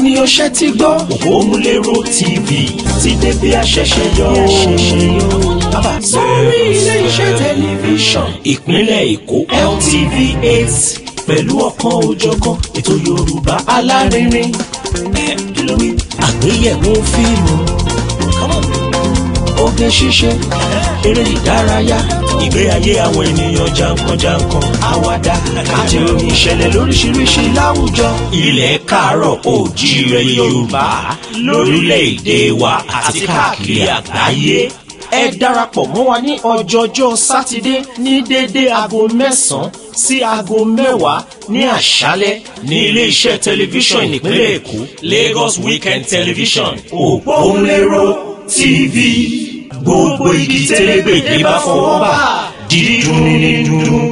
ẹni ọṣẹ ti gbọ́ òpómúléró tv ti dé bí a ṣẹ̀ṣẹ̀ yọ sórí ilé iṣẹ́ tẹlifíṣàn ìpínlẹ̀ èkó LTV eight pẹ̀lú ọ̀kan òjọ̀kan ètò yorùbá alárinrin àgbéyẹ̀wò fíìmù oge ṣíṣe eré ìdárayá ìgbé ayé àwọn ènìyàn jankan-jankan àwàdà àti orin ìṣẹ̀lẹ̀ lóríṣiríṣi láwùjọ. ilẹ̀ káàárọ̀ oòjíire yorùbá lórílẹ̀‐èdè wa àti káàkiri àgbáyé ẹ darapọ̀ mọ́ wa ní ọjọ́jọ́ sátidé ní déédé aago mẹ́sàn-án sí aago mẹ́wàá ní àṣálẹ́ ní iléeṣẹ́ tẹlifíṣàn ìpínlẹ̀ èkó Lagos Weekend Television òpónlérò TV gbogbo igi tẹ́lẹ̀gbẹ̀dẹ̀ bá fọwọ́ bà dídùn ní dùn.